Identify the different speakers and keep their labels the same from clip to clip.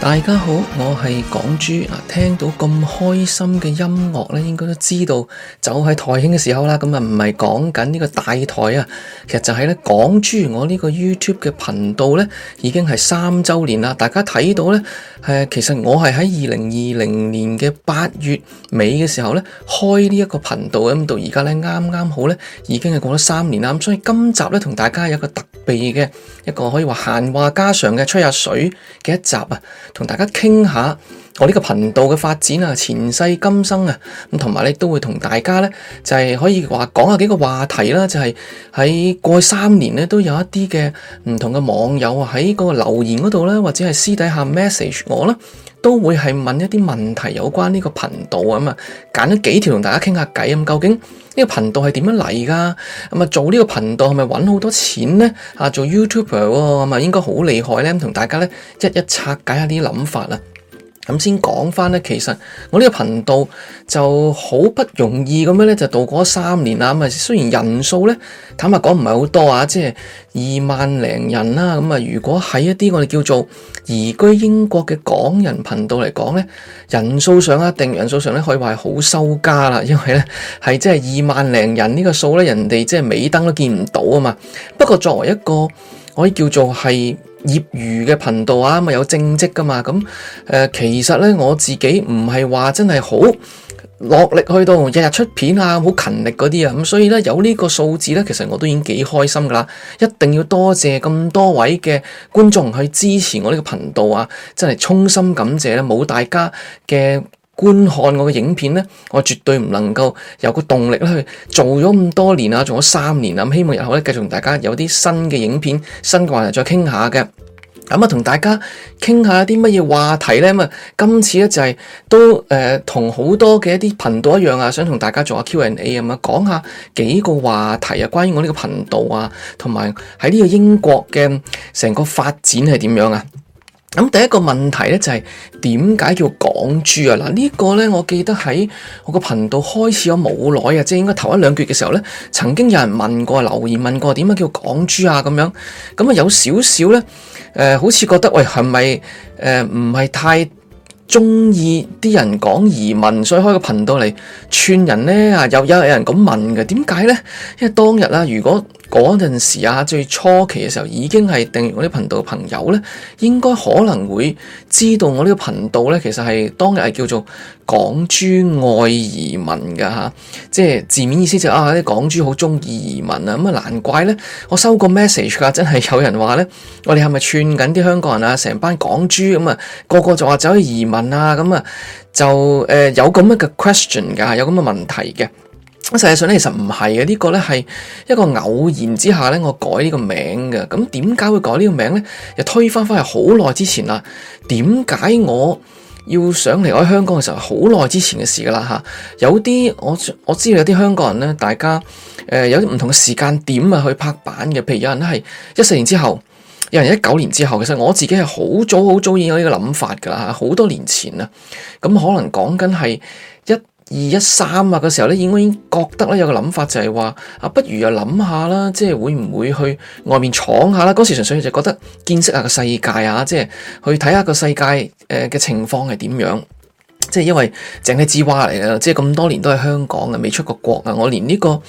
Speaker 1: 大家好，我係港豬嗱、啊，聽到咁開心嘅音樂咧，應該都知道就喺台慶嘅時候啦。咁啊，唔係講緊呢個大台啊，其實就係咧港豬我個呢個 YouTube 嘅頻道咧，已經係三周年啦。大家睇到咧，誒、啊，其實我係喺二零二零年嘅八月尾嘅時候咧開頻呢一個頻道啊。咁到而家咧，啱啱好咧，已經係過咗三年啦。咁所以今集咧同大家有一個特別嘅一個可以話閒話家常嘅吹下水嘅一集啊。同大家傾下我呢個頻道嘅發展啊，前世今生啊，咁同埋咧都會同大家咧就係、是、可以話講下幾個話題啦，就係、是、喺過去三年咧都有一啲嘅唔同嘅網友啊喺嗰個留言嗰度咧或者係私底下 message 我啦。都會係問一啲問題有關呢個頻道啊嘛，揀、嗯、咗幾條同大家傾下偈咁、嗯、究竟呢個頻道係點樣嚟噶？咁、嗯、啊做呢個頻道係咪揾好多錢咧？啊做 YouTuber 喎、哦，咁、嗯、啊應該好厲害咧，咁、嗯、同大家咧一一拆解下啲諗法啊。咁先講翻咧，其實我呢個頻道就好不容易咁樣咧，就度過三年啦。咁啊，雖然人數咧，坦白講唔係好多啊，即係二萬零人啦。咁啊，如果喺一啲我哋叫做移居英國嘅港人頻道嚟講咧，人數上啊，定人數上咧，可以話係好羞家啦。因為咧，係即係二萬零人呢個數咧，人哋即係尾燈都見唔到啊嘛。不過作為一個可以叫做係業餘嘅頻道啊，咪有正職㗎嘛？咁、嗯、誒，其實咧我自己唔係話真係好落力去到日日出片啊，好勤力嗰啲啊，咁所以咧有呢個數字咧，其實我都已經幾開心㗎喇！一定要多謝咁多位嘅觀眾去支持我呢個頻道啊，真係衷心感謝咧，冇大家嘅。觀看我嘅影片呢，我絕對唔能夠有個動力去做咗咁多年啊，做咗三年啊，希望日後咧，繼續同大家有啲新嘅影片、新嘅話、嗯、話題再傾下嘅。咁啊，同大家傾下啲乜嘢話題呢？咁啊，今次咧就係都誒同好多嘅一啲頻道一樣啊，想同大家做下 Q&A 啊，咁啊、嗯，講下幾個話題啊，關於我呢個頻道啊，同埋喺呢個英國嘅成個發展係點樣啊？咁第一個問題咧就係點解叫港豬啊？嗱、這個、呢個咧我記得喺我個頻道開始咗冇耐啊，即係應該頭一兩句嘅時候咧，曾經有人問過、留言問過，點解叫港豬啊？咁樣咁啊有少少咧，誒、呃、好似覺得喂係咪誒唔係太中意啲人講移民，所以開個頻道嚟串人咧啊？有有有人咁問嘅，點解咧？因為當日啦，如果嗰陣時啊，最初期嘅時候已經係訂閱我啲頻道嘅朋友咧，應該可能會知道我呢個頻道咧，其實係當日係叫做港豬愛移民嘅嚇、啊，即係字面意思就係、啊啲港豬好中意移民啊，咁啊難怪咧，我收個 message 㗎，真係有人話咧，我哋係咪串緊啲香港人啊？成班港豬咁啊，個個就話走去移民啊，咁啊就誒有咁樣嘅 question 㗎，有咁嘅問題嘅。咁實際上咧，其實唔係嘅，呢、這個咧係一個偶然之下咧，我改呢個名嘅。咁點解會改呢個名咧？又推翻翻去好耐之前啦。點解我要想離開香港嘅時候，好耐之前嘅事噶啦嚇。有啲我我知道有啲香港人咧，大家誒、呃、有啲唔同嘅時間點啊去拍板嘅。譬如有人係一四年之後，有人一九年之後。其實我自己係好早好早已經有呢個諗法噶啦嚇，好多年前啦。咁可能講緊係，二一三啊，嗰時候咧，已經覺得咧有個諗法，就係話啊，不如又諗下啦，即係會唔會去外面闖下啦？嗰時純粹就覺得見識下個世界啊，即係去睇下個世界誒嘅情況係點樣，即係因為淨係知話嚟啦，即係咁多年都係香港嘅，未出過國啊，我連呢、呢個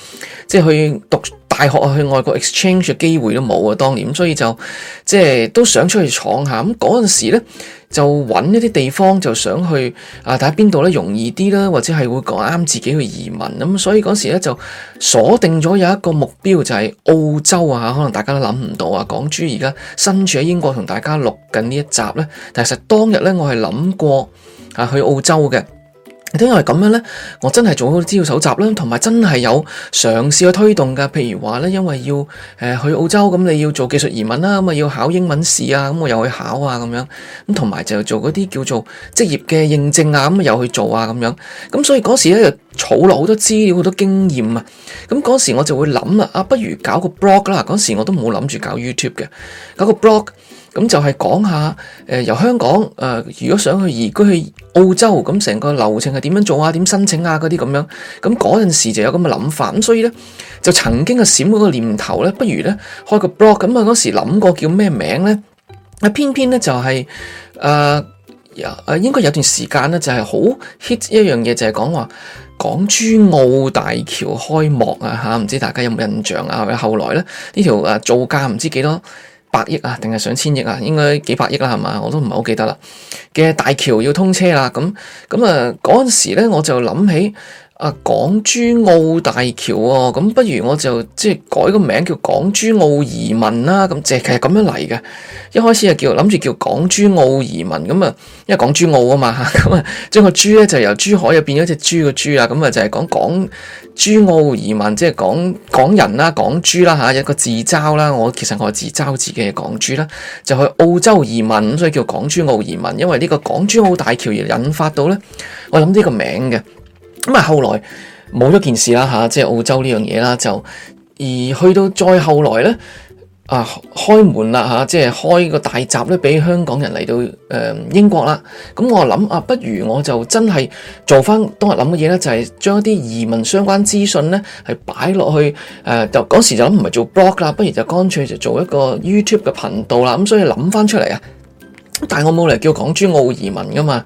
Speaker 1: 即係去讀。大學去外國 exchange 嘅機會都冇啊，當年所以就即係都想出去闖下。咁嗰陣時咧，就揾一啲地方，就想去啊，睇下邊度呢容易啲啦，或者係會講啱自己嘅移民。咁所以嗰時呢，就鎖定咗有一個目標，就係澳洲啊。可能大家都諗唔到啊，港豬而家身處喺英國，同大家錄緊呢一集呢。但其實當日呢，我係諗過啊，去澳洲嘅。因為咁樣呢，我真係做好資料搜集啦，同埋真係有嘗試去推動噶。譬如話呢，因為要誒去澳洲咁，你要做技術移民啦，咁啊要考英文試啊，咁我又去考啊咁樣。咁同埋就做嗰啲叫做職業嘅認證啊，咁又去做啊咁樣。咁所以嗰時呢就儲落好多資料、好多經驗啊。咁嗰時我就會諗啊，啊不如搞個 blog 啦。嗰時我都冇諗住搞 YouTube 嘅，搞個 blog。咁就係講下，誒、呃、由香港，誒、呃、如果想去移居去澳洲，咁成個流程係點樣做啊？點申請啊？嗰啲咁樣，咁嗰陣時就有咁嘅諗法，咁所以咧就曾經啊閃嗰個念頭咧，不如咧開個 blog，咁、嗯、啊嗰時諗過叫咩名咧？啊偏偏咧就係誒誒應該有段時間咧就係、是、好 hit 一樣嘢，就係、是、講話港珠澳大橋開幕啊吓，唔、啊、知大家有冇印象啊？或者後來咧呢條啊造價唔知幾多。百億啊，定係上千億啊，應該幾百億啦，係嘛？我都唔係好記得啦。嘅大橋要通車啦，咁咁啊，嗰陣時咧，我就諗起。啊、港珠澳大橋喎、哦，咁不如我就即係、就是、改個名叫港珠澳移民啦。咁即係其實咁樣嚟嘅，一開始就叫諗住叫港珠澳移民咁啊，因為港珠澳啊嘛嚇，咁啊將個珠咧就由珠海入面變咗隻豬個豬啊，咁啊就係講港珠澳移民，即、就、係、是、講港人啦、港豬啦吓，有個自嘲啦。我其實我自嘲自己係港豬啦，就去澳洲移民，所以叫港珠澳移民，因為呢個港珠澳大橋而引發到咧，我諗呢個名嘅。咁啊，後來冇咗件事啦，嚇，即係澳洲呢樣嘢啦，就而去到再後來呢，啊，開門啦，嚇、啊，即係開個大閘呢，俾香港人嚟到誒、嗯、英國啦。咁我啊諗啊，不如我就真係做翻當日諗嘅嘢咧，就係、是、將一啲移民相關資訊呢係擺落去誒、呃。就嗰時就諗唔係做 blog 啦，不如就乾脆就做一個 YouTube 嘅頻道啦。咁、嗯、所以諗翻出嚟啊，但係我冇嚟叫港珠澳移民噶嘛，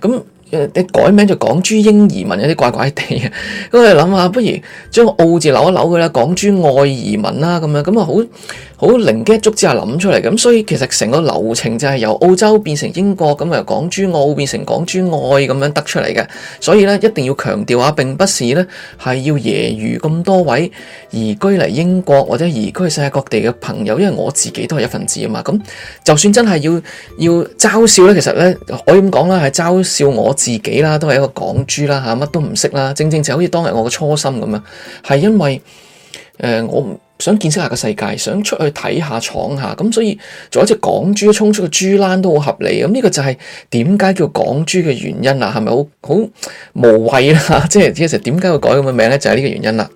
Speaker 1: 咁。你改名就港豬英移民有啲怪怪哋啊！咁我哋諗下，不如將澳字扭一扭佢啦，港豬愛移民啦咁樣，咁啊好好靈機一觸之下諗出嚟嘅。咁所以其實成個流程就係由澳洲變成英國，咁啊由港豬澳變成港豬愛咁樣得出嚟嘅。所以咧一定要強調啊，並不是咧係要揶揄咁多位移居嚟英國或者移居世界各地嘅朋友，因為我自己都係一份子啊嘛。咁就算真係要要嘲笑咧，其實咧可以咁講啦，係嘲笑我自己啦，都係一個港豬啦，吓，乜都唔識啦，正正就好似當日我嘅初心咁啊，係因為誒、呃，我唔想見識下個世界，想出去睇下闖下，咁所以做一隻港豬，衝出一個豬欄都好合理，咁呢個就係點解叫港豬嘅原因、啊、是是啦，係咪好好無謂啦？即係即係點解會改咁嘅名咧？就係、是、呢個原因啦。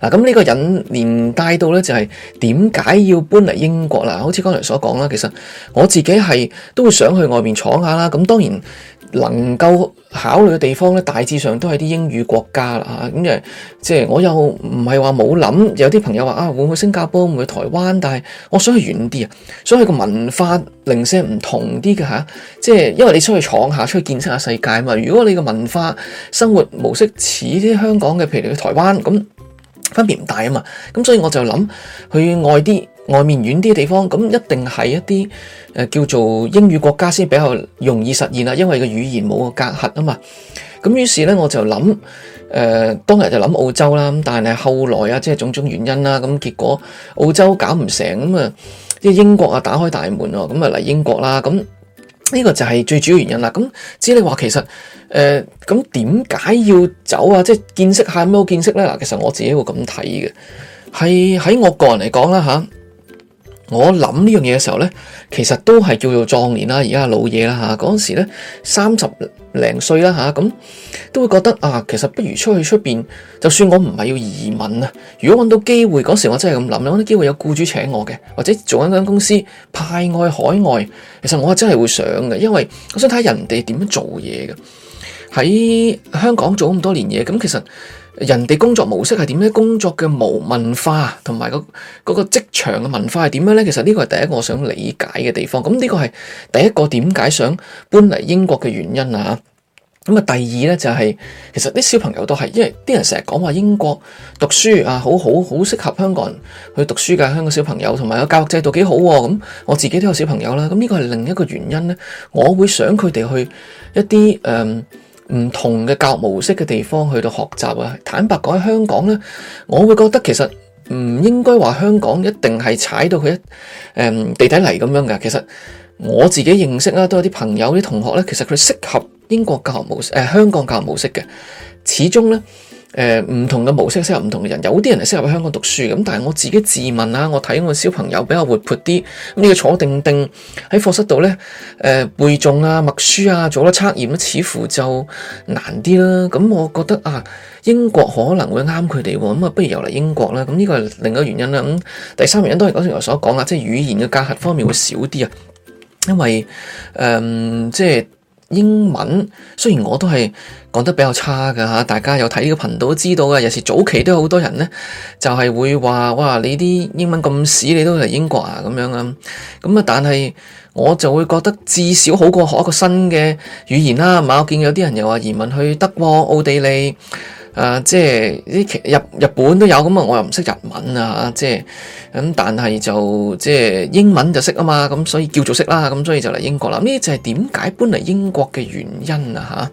Speaker 1: 嗱，咁呢個引連帶到咧，就係點解要搬嚟英國啦？好似剛才所講啦，其實我自己係都會想去外面闖下啦，咁當然。能夠考慮嘅地方咧，大致上都係啲英語國家啦嚇，咁誒，即係我又唔係話冇諗，有啲朋友話啊，會唔會新加坡，會唔會台灣？但係我想去遠啲啊，想去個文化零舍唔同啲嘅嚇，即係因為你出去闖下，出去見識下世界啊嘛。如果你個文化生活模式似啲香港嘅，譬如你去台灣咁，分別唔大啊嘛。咁所以我就諗去外啲。外面遠啲嘅地方，咁一定係一啲誒、呃、叫做英語國家先比較容易實現啦，因為個語言冇個隔閡啊嘛。咁於是咧，我就諗誒、呃、當日就諗澳洲啦，咁但係後來啊，即係種種原因啦，咁結果澳洲搞唔成，咁啊即係英國啊打開大門喎，咁啊嚟英國啦，咁呢個就係最主要原因啦。咁至於你話其實誒咁點解要走啊？即係見識下有咩好見識咧？嗱，其實我自己會咁睇嘅，係喺我個人嚟講啦嚇。我諗呢樣嘢嘅時候呢，其實都係叫做壯年啦，而家老嘢啦吓。嗰陣時咧，三十零歲啦吓，咁、啊、都會覺得啊，其實不如出去出邊，就算我唔係要移民啊。如果揾到機會，嗰時我真係咁諗，有啲機會有僱主請我嘅，或者做緊間公司派外海外，其實我真係會想嘅，因為我想睇下人哋點樣做嘢嘅。喺香港做咁多年嘢，咁其實。人哋工作模式係點咧？工作嘅無文化同埋個嗰個職場嘅文化係點樣咧？其實呢個係第一個我想理解嘅地方。咁呢個係第一個點解想搬嚟英國嘅原因啊。嚇。咁啊，第二咧就係、是、其實啲小朋友都係，因為啲人成日講話英國讀書啊，好好好適合香港人去讀書㗎。香港小朋友同埋個教育制度幾好喎、啊。咁我自己都有小朋友啦。咁呢個係另一個原因咧，我會想佢哋去一啲誒，呃唔同嘅教育模式嘅地方去到學習啊！坦白講，喺香港咧，我會覺得其實唔應該話香港一定係踩到佢一誒地底泥咁樣嘅。其實我自己認識啦、啊，都有啲朋友啲同學咧，其實佢適合英國教學模式誒、呃，香港教學模式嘅，始終咧。誒唔、呃、同嘅模式適合唔同嘅人，有啲人係適合喺香港讀書嘅，咁但係我自己自問啊。我睇我小朋友比較活潑啲，呢、嗯、你坐定定喺課室度咧，誒、呃、背誦啊、默書啊、做一測驗似乎就難啲啦。咁、嗯、我覺得啊，英國可能會啱佢哋喎，咁、嗯、啊不如由嚟英國啦、啊。咁、嗯、呢、這個係另一個原因啦、啊。咁、嗯、第三原因當然我之前所講啦，即係語言嘅隔閡方面會少啲啊，因為誒、嗯、即係。英文雖然我都係講得比較差㗎嚇，大家有睇呢個頻道都知道嘅。尤其早期都有好多人呢，就係、係、會話哇，你啲英文咁屎，你都嚟英國啊咁樣啊。咁啊，但係我就會覺得至少好過學一個新嘅語言啦。我見有啲人又話移民去德國、奧地利。啊，即係啲日日本都有咁啊，我又唔識日文啊，即係咁，但係就即係英文就識啊嘛，咁所以叫做識啦，咁、啊、所以就嚟英國啦。呢啲就係點解搬嚟英國嘅原因啊。嚇！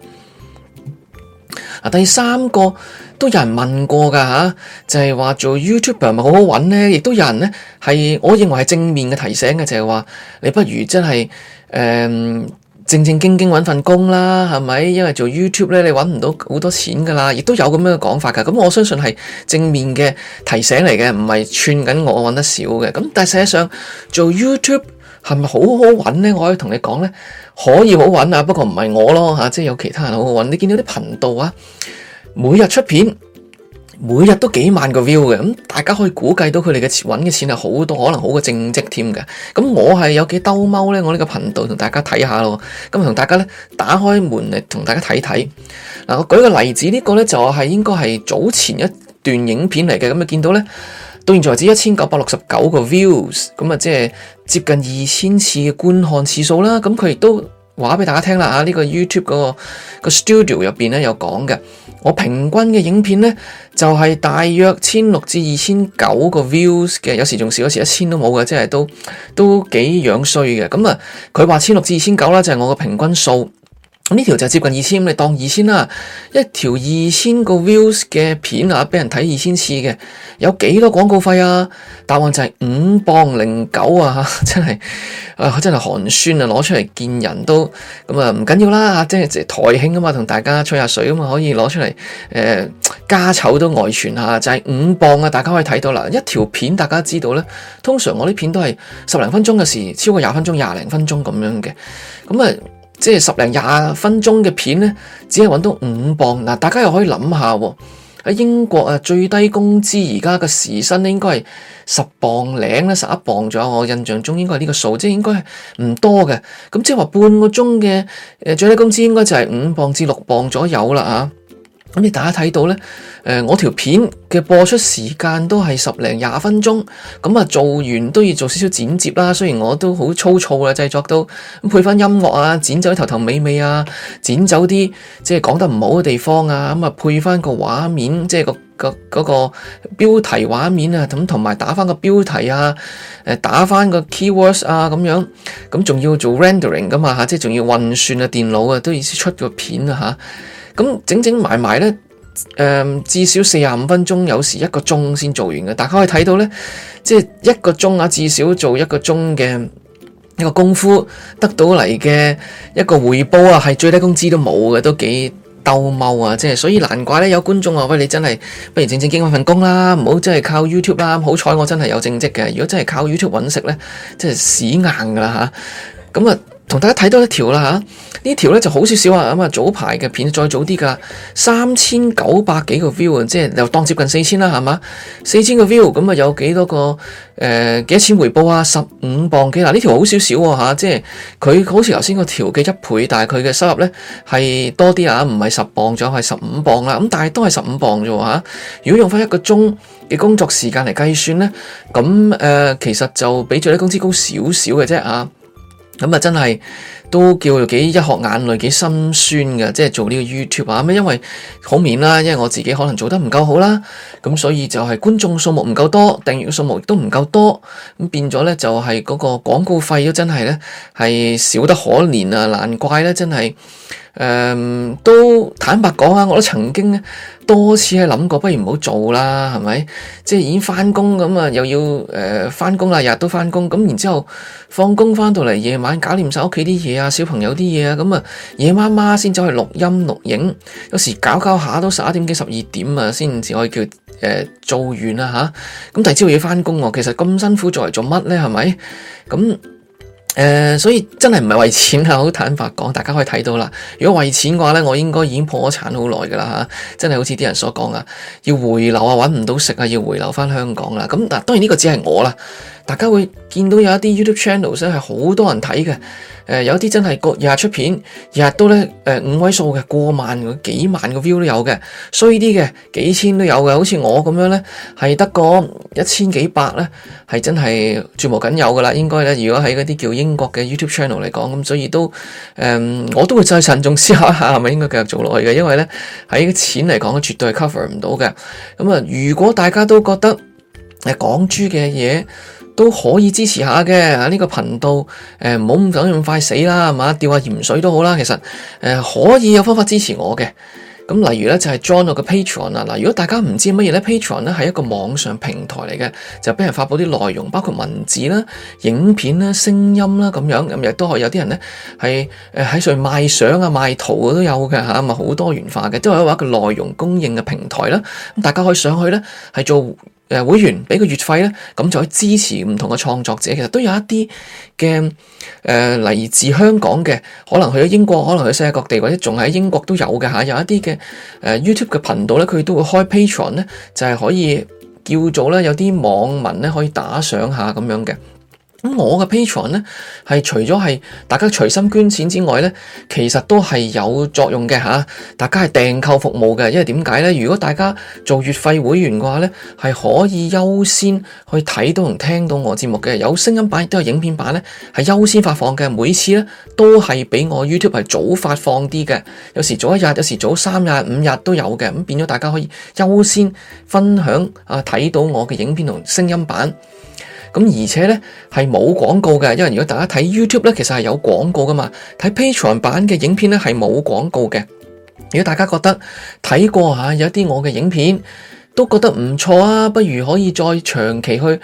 Speaker 1: 啊，第三個都有人問過㗎嚇、啊，就係、是、話做 YouTuber 咪好好揾呢？亦都有人呢，係，我認為係正面嘅提醒嘅，就係、是、話你不如真係誒，嗯正正經經揾份工啦，係咪？因為做 YouTube 咧，你揾唔到好多錢噶啦，亦都有咁樣嘅講法噶。咁我相信係正面嘅提醒嚟嘅，唔係串緊我揾得少嘅。咁但係實際上做 YouTube 係咪好好揾咧？我可以同你講咧，可以好揾啊，不過唔係我咯嚇，啊，即係有其他人好好揾。你見到啲頻道啊，每日出片。每日都幾萬個 view 嘅，咁大家可以估計到佢哋嘅揾嘅錢係好多，可能好過正職添嘅。咁我係有幾兜踎呢？我呢個頻道同大家睇下咯。咁同大家呢，打開門嚟同大家睇睇。嗱，我舉個例子，呢個呢就係應該係早前一段影片嚟嘅。咁啊見到呢，到現在為止一千九百六十九個 views，咁啊即係接近二千次嘅觀看次數啦。咁佢亦都。話畀大家聽啦嚇，呢個 YouTube 嗰個 studio 入邊咧有講嘅，我平均嘅影片咧就係大約千六至二千九個 views 嘅，有時仲少，有時一千都冇嘅，即係都都幾樣衰嘅。咁啊，佢話千六至二千九啦，就係我個平均數。咁呢條就接近二千，你當二千啦，一條二千個 views 嘅片啊，俾人睇二千次嘅，有幾多廣告費啊？答案就係五磅零九啊，真係，啊，真係寒酸啊，攞出嚟見人都咁啊，唔緊要啦，即係台慶啊嘛，同大家吹下水啊嘛，可以攞出嚟，誒、呃，家醜都外傳下、啊，就係、是、五磅啊，大家可以睇到啦，一條片大家知道咧，通常我呢片都係十零分鐘嘅事，超過廿分鐘，廿零分鐘咁樣嘅，咁啊。即係十零廿分鐘嘅片呢，只係揾到五磅嗱，大家又可以諗下喎。喺英國啊，最低工資而家嘅時薪咧，應該係十磅零咧，十一磅左右。我印象中應該係呢個數，即係應該係唔多嘅。咁即係話半個鐘嘅最低工資應該就係五磅至六磅左右啦嚇。咁你大家睇到咧？誒，我條片嘅播出時間都係十零廿分鐘，咁啊做完都要做少少剪接啦。雖然我都好粗糙啊，製作都配翻音樂啊，剪走啲頭頭尾尾啊，剪走啲即係講得唔好嘅地方啊，咁啊配翻個畫面，即係、個個嗰個標題畫面啊，咁同埋打翻個標題啊，誒打翻個 keywords 啊咁樣，咁仲要做 rendering 噶嘛嚇，即係仲要運算啊電腦啊，都意思出個片啊嚇。咁整整埋埋咧，誒、呃、至少四十五分鐘，有時一個鐘先做完嘅。大家可以睇到咧，即係一個鐘啊，至少做一個鐘嘅一個功夫得到嚟嘅一個回報啊，係最低工資都冇嘅，都幾兜踎啊！即係所以難怪咧，有觀眾話：喂，你真係不如正正經經揾份工啦，唔好真係靠 YouTube 啦。好彩我真係有正職嘅，如果真係靠 YouTube 揾食咧，即係屎硬噶啦吓！咁啊～同大家睇多一條啦嚇，呢條咧就好少少啊咁啊，早排嘅片再早啲噶三千九百幾個 view 啊，即係又當接近四千啦，係嘛？四千個 view 咁啊，有幾多個誒、呃、幾多錢回報啊？十五磅幾嗱？呢、啊、條好少少吓，即係佢好似頭先個條嘅一倍，但係佢嘅收入咧係多啲啊，唔係十磅，仲係十五磅啦。咁、啊、但係都係十五磅啫喎嚇。如果用翻一個鐘嘅工作時間嚟計算咧，咁、啊、誒、呃、其實就比最低工資高少少嘅啫啊！咁啊，真係都叫幾一學眼淚，幾心酸噶。即係做呢個 YouTube 啊，咩因為好免啦、啊，因為我自己可能做得唔夠好啦、啊，咁所以就係觀眾數目唔夠多，訂閱數目亦都唔夠多，咁變咗咧就係嗰個廣告費都真係咧係少得可憐啊！難怪咧真係。誒、嗯，都坦白講啊，我都曾經咧多次咧諗過，不如唔好做啦，係咪？即係已經翻工咁啊，又要誒翻工啦，日日都翻工咁，然之後放工翻到嚟夜晚搞掂晒屋企啲嘢啊，小朋友啲嘢啊，咁啊夜媽媽先走去錄音錄影，有時搞搞下都十一點幾十二點啊，先至可以叫誒做完啦吓。咁、嗯嗯、第二朝要翻工，其實咁辛苦做嚟做乜咧？係咪咁？嗯誒、呃，所以真係唔係為錢啊！好坦白講，大家可以睇到啦。如果為錢嘅話咧，我應該已經破咗產好耐㗎啦嚇！真係好似啲人所講啊，要回流啊，揾唔到食啊，要回流返香港啦。咁嗱，當然呢個只係我啦。大家會見到有一啲 YouTube channel 真係好多人睇嘅，誒、呃、有啲真係個日出片日日都咧誒、呃、五位數嘅過萬個幾萬個 view 都有嘅，衰啲嘅幾千都有嘅，好似我咁樣咧係得個一千幾百咧係真係絕無僅有噶啦，應該咧如果喺嗰啲叫英國嘅 YouTube channel 嚟講咁，所以都誒、嗯、我都會再慎重思考一下係咪應該繼續做落去嘅，因為咧喺錢嚟講絕對係 cover 唔到嘅。咁啊，如果大家都覺得誒港豬嘅嘢，都可以支持下嘅呢、這個頻道，誒唔好咁緊咁快死啦，係嘛？釣下鹽水都好啦，其實誒、呃、可以有方法支持我嘅。咁、啊、例如咧就係、是、join 我嘅 Patreon 啊！嗱，如果大家唔知乜嘢咧，Patreon 咧係一個網上平台嚟嘅，就俾人發布啲內容，包括文字啦、影片聲啦、聲音啦咁樣，咁亦都係有啲人咧係誒喺上面賣相啊、賣圖都有嘅嚇，咪、啊、好多元化嘅，即係話一個內容供應嘅平台啦。咁、啊、大家可以上去咧係做。誒、呃、會員畀個月費咧，咁就可以支持唔同嘅創作者。其實都有一啲嘅誒嚟自香港嘅，可能去咗英國，可能去世界各地，或者仲喺英國都有嘅嚇。有一啲嘅誒 YouTube 嘅頻道咧，佢都會開 Patreon 咧，就係、是、可以叫做咧有啲網民咧可以打賞下咁樣嘅。咁我嘅 Patreon 呢，係除咗係大家隨心捐錢之外呢，其實都係有作用嘅吓。大家係訂購服務嘅，因為點解呢？如果大家做月費會員嘅話呢，係可以優先去睇到同聽到我節目嘅，有聲音版亦都有影片版呢，係優先發放嘅。每次呢都係俾我 YouTube 係早發放啲嘅，有時早一日，有時早三日、五日都有嘅。咁變咗大家可以優先分享啊，睇到我嘅影片同聲音版。咁而且咧係冇廣告嘅，因為如果大家睇 YouTube 咧，其實係有廣告噶嘛。睇 Patreon 版嘅影片咧係冇廣告嘅。如果大家覺得睇過嚇、啊、有一啲我嘅影片都覺得唔錯啊，不如可以再長期去訂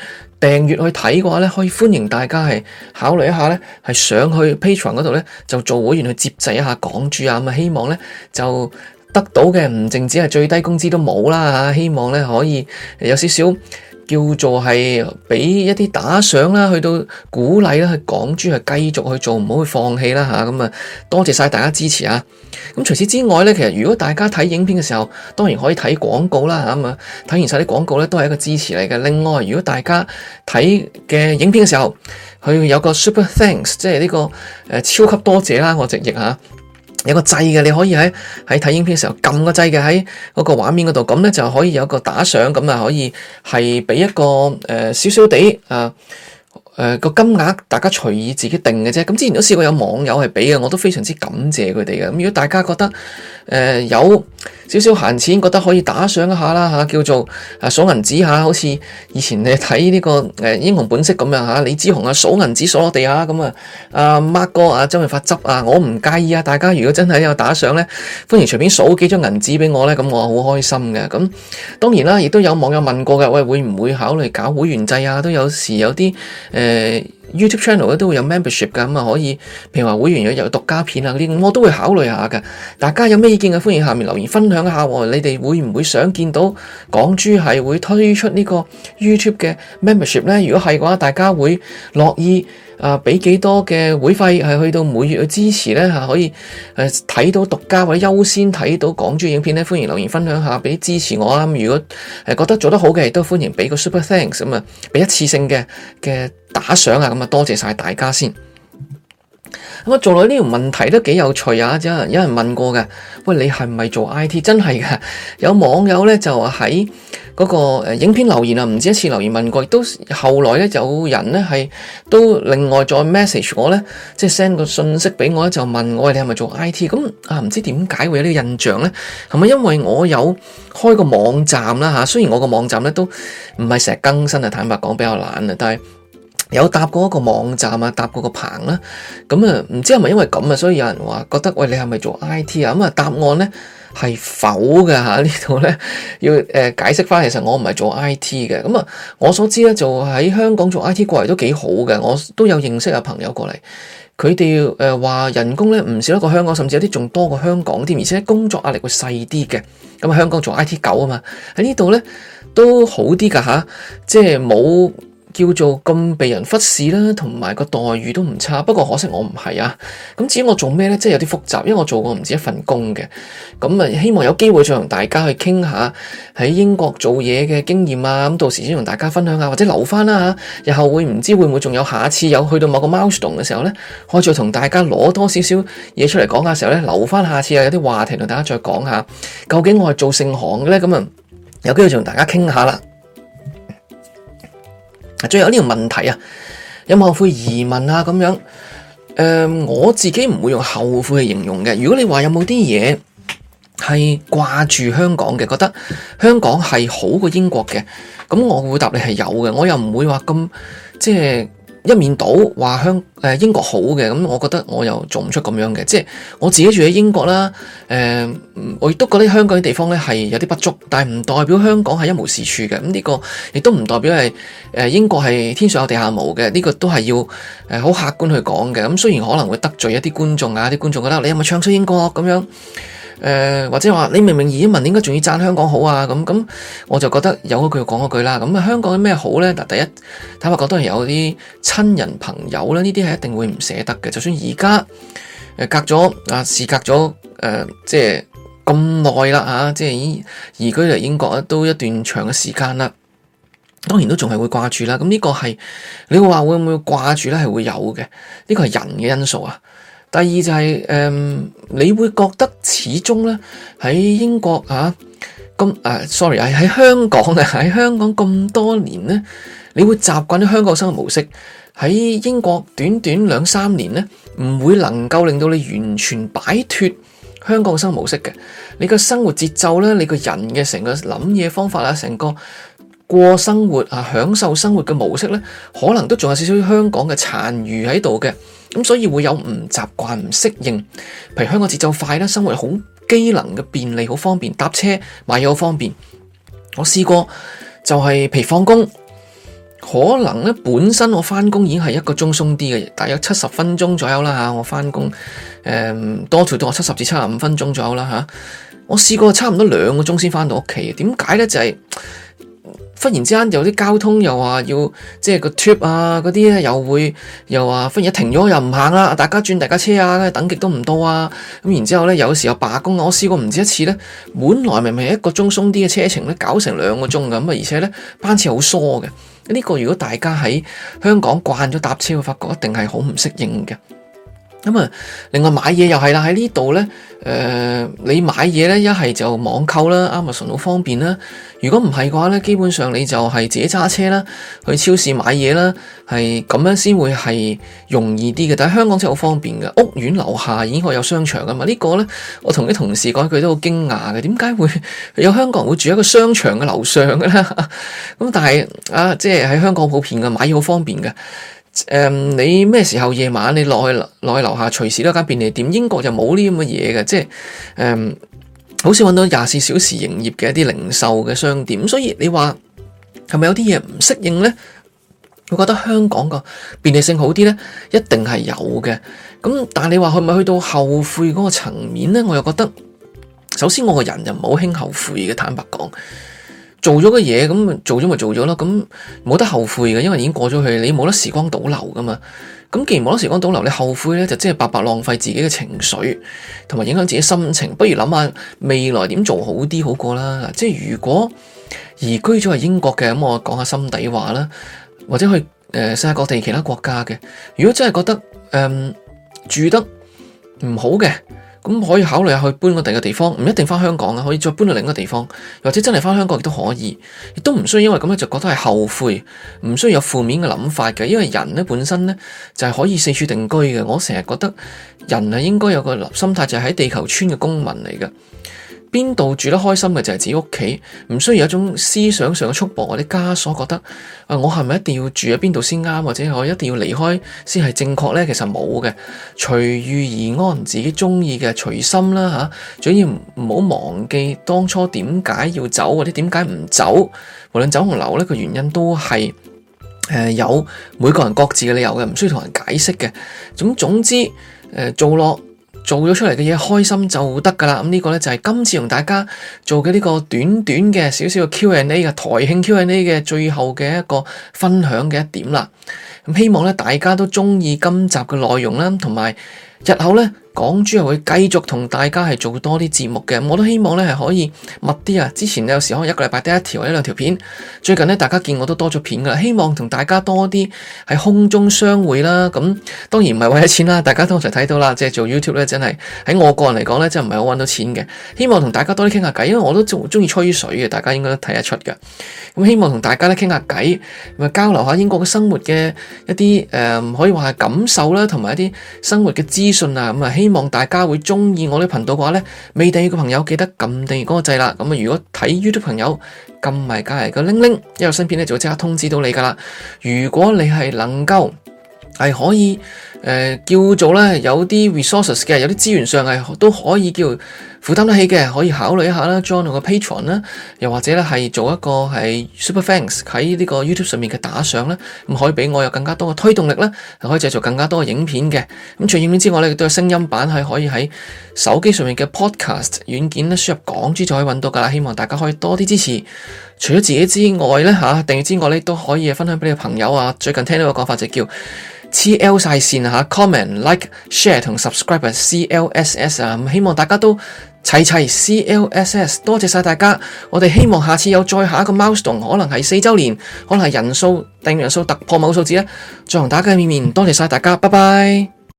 Speaker 1: 閲去睇嘅話咧，可以歡迎大家係考慮一下咧，係上去 Patreon 嗰度咧就做會員去接濟一下港豬啊。咁、嗯、啊，希望咧就得到嘅唔淨止係最低工資都冇啦嚇，希望咧可以有少少。叫做係俾一啲打賞啦，去到鼓勵啦，去港豬去繼續去做，唔好去放棄啦吓。咁啊，多謝晒大家支持啊！咁除此之外咧，其實如果大家睇影片嘅時候，當然可以睇廣告啦吓。咁啊，睇完晒啲廣告咧，都係一個支持嚟嘅。另外，如果大家睇嘅影片嘅時候，佢有個 Super Thanks，即係呢、這個誒、呃、超級多謝啦，我直譯吓。啊有個掣嘅，你可以喺喺睇影片嘅時候撳個掣嘅，喺嗰個畫面嗰度，咁咧就可以有個打賞，咁啊可以係俾一個誒少少地啊誒個金額，大家隨意自己定嘅啫。咁之前都試過有網友係俾嘅，我都非常之感謝佢哋嘅。咁如果大家覺得誒、呃、有，少少閒錢，覺得可以打賞一下啦嚇，叫做啊數銀紙嚇，好似以前你睇呢個誒英雄本色咁樣嚇，李子雄啊數銀紙數落地下咁啊啊，Mark 哥、啊，啊周潤發執啊，我唔介意啊，大家如果真係有打賞咧，歡迎隨便數幾張銀紙俾我咧，咁我好開心嘅。咁當然啦，亦都有網友問過嘅，喂會唔會考慮搞會員制啊？都有時有啲誒。呃 YouTube channel 都會有 membership 噶，咁啊可以，譬如話會員有有獨家片啊嗰啲，我都會考慮下噶。大家有咩意見嘅，歡迎下面留言分享下喎、哦。你哋會唔會想見到港豬係會推出個呢個 YouTube 嘅 membership 咧？如果係嘅話，大家會樂意啊俾幾多嘅會費係去到每月嘅支持咧嚇、啊，可以誒睇、啊、到獨家或者優先睇到港豬影片咧。歡迎留言分享下，俾支持我啊。咁如果係、啊、覺得做得好嘅，亦都歡迎俾個 super thanks 咁啊，俾一次性嘅嘅。打賞啊！咁啊，多謝晒大家先。咁啊，做來呢條問題都幾有趣啊，有人問過嘅。喂，你係唔係做 IT？真係嘅有網友咧，就喺嗰個影片留言啊，唔止一次留言問過，亦都後來咧有人咧係都另外再 message 我咧，即係 send 個信息俾我咧，就問我你係咪做 IT？咁啊，唔知點解會有呢個印象咧，係咪因為我有開個網站啦？嚇、啊，雖然我個網站咧都唔係成日更新啊，坦白講比較懶啊，但係。有搭過一個網站啊，搭過個棚啦，咁、嗯、啊，唔知係咪因為咁啊，所以有人話覺得喂，你係咪做 I T 啊、嗯？咁啊，答案呢係否嘅嚇，呢、啊、度呢，要誒、呃、解釋返。其實我唔係做 I T 嘅，咁、嗯、啊，我所知呢，就喺香港做 I T 過嚟都幾好嘅，我都有認識啊朋友過嚟，佢哋誒話人工呢唔少過香港，甚至有啲仲多過香港添，而且工作壓力會細啲嘅。咁、嗯、啊，香港做 I T 久啊嘛，喺呢度呢都好啲嘅吓，即係冇。叫做咁被人忽視啦，同埋個待遇都唔差。不過可惜我唔係啊。咁至於我做咩咧，即係有啲複雜，因為我做過唔止一份工嘅。咁啊，希望有機會再同大家去傾下喺英國做嘢嘅經驗啊。咁到時先同大家分享下，或者留返啦吓。日後會唔知會唔會仲有下次有去到某個 mouse 洞嘅時候咧，可以再同大家攞多少少嘢出嚟講嘅時候咧，留返下，下次又有啲話題同大家再講下。究竟我係做盛行嘅咧，咁啊有機會再同大家傾下啦。最後呢個問題有有啊，有冇後悔移民啊咁樣？誒、呃，我自己唔會用後悔去形容嘅。如果你話有冇啲嘢係掛住香港嘅，覺得香港係好過英國嘅，咁我會答你係有嘅。我又唔會話咁即係。一面倒話香誒英國好嘅，咁我覺得我又做唔出咁樣嘅，即係我自己住喺英國啦，誒、呃，我亦都覺得香港啲地方咧係有啲不足，但係唔代表香港係一無是處嘅。咁、這、呢個亦都唔代表係誒、呃、英國係天上有地下無嘅，呢、這個都係要誒好客觀去講嘅。咁、嗯、雖然可能會得罪一啲觀眾啊，啲觀眾覺得你有冇唱衰英國咁樣。誒、呃、或者話你明明移民問，你應該仲要贊香港好啊？咁咁我就覺得有嗰句講嗰句啦。咁香港有咩好咧？第一坦白講，當然有啲親人朋友啦，呢啲係一定會唔捨得嘅。就算而家誒隔咗啊，時隔咗誒、呃，即係咁耐啦嚇，即係移居嚟英國都一段長嘅時間啦。當然都仲係會掛住啦。咁呢個係你會話會唔會掛住咧？係會有嘅。呢個係人嘅因素啊。第二就係、是、誒、嗯，你會覺得始終咧喺英國啊，咁誒，sorry 喺香港嘅、啊、喺香港咁多年咧，你會習慣咗香港生活模式。喺英國短短兩三年咧，唔會能夠令到你完全擺脱香港生活模式嘅。你個生活節奏咧，你個人嘅成個諗嘢方法啊，成個過生活啊，享受生活嘅模式咧，可能都仲有少少香港嘅殘餘喺度嘅。咁所以會有唔習慣、唔適應，譬如香港節奏快啦，生活好機能嘅便利，好方便搭車買嘢好方便。我試過就係譬如放工，可能咧本身我翻工已經係一個鐘鬆啲嘅，大約七十分鐘左右啦嚇。我翻工誒多條到我七十至七十五分鐘左右啦嚇。我試過差唔多兩個鐘先翻到屋企，點解呢？就係、是？忽然之間有啲交通又話要即係個 trip 啊，嗰啲咧又會又話忽然之間停咗又唔行啦，大家轉，大家車啊，等極都唔到啊咁，然之後咧有時候罷工啊，我試過唔止一次咧，本來明明一個鐘鬆啲嘅車程咧搞成兩個鐘噶咁啊，而且咧班次好疏嘅，呢個如果大家喺香港慣咗搭車，會發覺一定係好唔適應嘅。咁啊，另外買嘢又係啦，喺呢度咧，誒、呃，你買嘢咧一係就網購啦，Amazon 好方便啦。如果唔係嘅話咧，基本上你就係自己揸車啦，去超市買嘢啦，係咁樣先會係容易啲嘅。但係香港真係好方便嘅，屋苑樓下已經可有商場噶嘛？這個、呢個咧，我同啲同事講，佢都好驚訝嘅，點解會有香港人會住喺一個商場嘅樓上嘅咧？咁 但係啊，即係喺香港普遍嘅買嘢好方便嘅。誒、嗯，你咩時候夜晚你落去落去樓下隨時都有間便利店？英國就冇呢咁嘅嘢嘅，即係誒、嗯，好少搵到廿四小時營業嘅一啲零售嘅商店。所以你話係咪有啲嘢唔適應呢？我覺得香港個便利性好啲呢，一定係有嘅。咁但係你話係咪去到後悔嗰個層面呢？我又覺得，首先我個人又唔好興後悔嘅，坦白講。做咗嘅嘢咁做咗咪做咗咯，咁冇得後悔嘅，因為已經過咗去，你冇得時光倒流噶嘛。咁既然冇得時光倒流，你後悔咧就即係白白浪費自己嘅情緒，同埋影響自己心情，不如諗下未來點做好啲好過啦。即係如果移居咗喺英國嘅，咁我講下心底話啦，或者去誒世界各地其他國家嘅，如果真係覺得誒、呃、住得唔好嘅。咁可以考慮下去搬個第個地方，唔一定返香港啦，可以再搬到另一個地方，或者真係返香港亦都可以，亦都唔需要因為咁樣就覺得係後悔，唔需要有負面嘅諗法嘅，因為人咧本身咧就係、是、可以四處定居嘅。我成日覺得人係應該有個心態就係喺地球村嘅公民嚟嘅。邊度住得開心嘅就係自己屋企，唔需要有一種思想上嘅束縛或者枷鎖，覺得啊、哎、我係咪一定要住喺邊度先啱，或者我一定要離開先係正確咧？其實冇嘅，隨遇而安，自己中意嘅隨心啦吓。最緊、啊、要唔好忘記當初點解要走或者點解唔走，無論走同留呢個原因都係誒、呃、有每個人各自嘅理由嘅，唔需要同人解釋嘅。咁總之誒、呃、做落。做咗出嚟嘅嘢開心就得噶啦，咁、這、呢個咧就係今次同大家做嘅呢個短短嘅少少嘅 Q&A 嘅台慶 Q&A 嘅最後嘅一個分享嘅一點啦。咁希望咧大家都鍾意今集嘅內容啦，同埋日後咧。港豬又會繼續同大家係做多啲節目嘅，我都希望咧係可以密啲啊！之前有時可能一個禮拜得一條或者兩條片，最近咧大家見我都多咗片噶啦，希望同大家多啲喺空中相會啦。咁當然唔係為咗錢啦，大家通常睇到啦，即係做 YouTube 咧，真係喺我個人嚟講咧，真係唔係好搵到錢嘅。希望同大家多啲傾下偈，因為我都中中意吹水嘅，大家應該都睇得出嘅。咁希望同大家咧傾下偈，咁啊交流下英國嘅生活嘅一啲誒、呃，可以話係感受啦，同埋一啲生活嘅資訊啊，咁、嗯、啊希。希望大家會中意我呢個頻道嘅話呢，未訂閱嘅朋友記得撳訂閱嗰個掣啦。咁啊，如果睇 YouTube 嘅朋友撳埋隔籬個鈴鈴，一有新片呢就會即刻通知到你噶啦。如果你係能夠係可以。誒、呃、叫做咧，有啲 resources 嘅，有啲資源上係都可以叫負擔得起嘅，可以考慮一下啦。join 個 Patreon 啦，又或者咧係做一個係 super fans 喺呢個 YouTube 上面嘅打賞啦，咁可以俾我有更加多嘅推動力啦，可以製造更加多嘅影片嘅。咁除影片之外咧，亦都有聲音版係可以喺手機上面嘅 podcast 軟件咧輸入港豬就可以揾到噶啦。希望大家可以多啲支持。除咗自己之外咧吓嚇，訂閱、啊、之外咧都可以分享俾你嘅朋友啊。最近聽到個講法就叫黐 L 晒線啊！下 comment、like、share 同 subscribe 啊，C L S S 啊、um,，希望大家都齊齊 C L S S，多謝晒大家。我哋希望下次有再下一個 milestone，可能係四周年，可能係人數定人數突破某數字咧，再同大家見面，多謝晒大家，拜拜。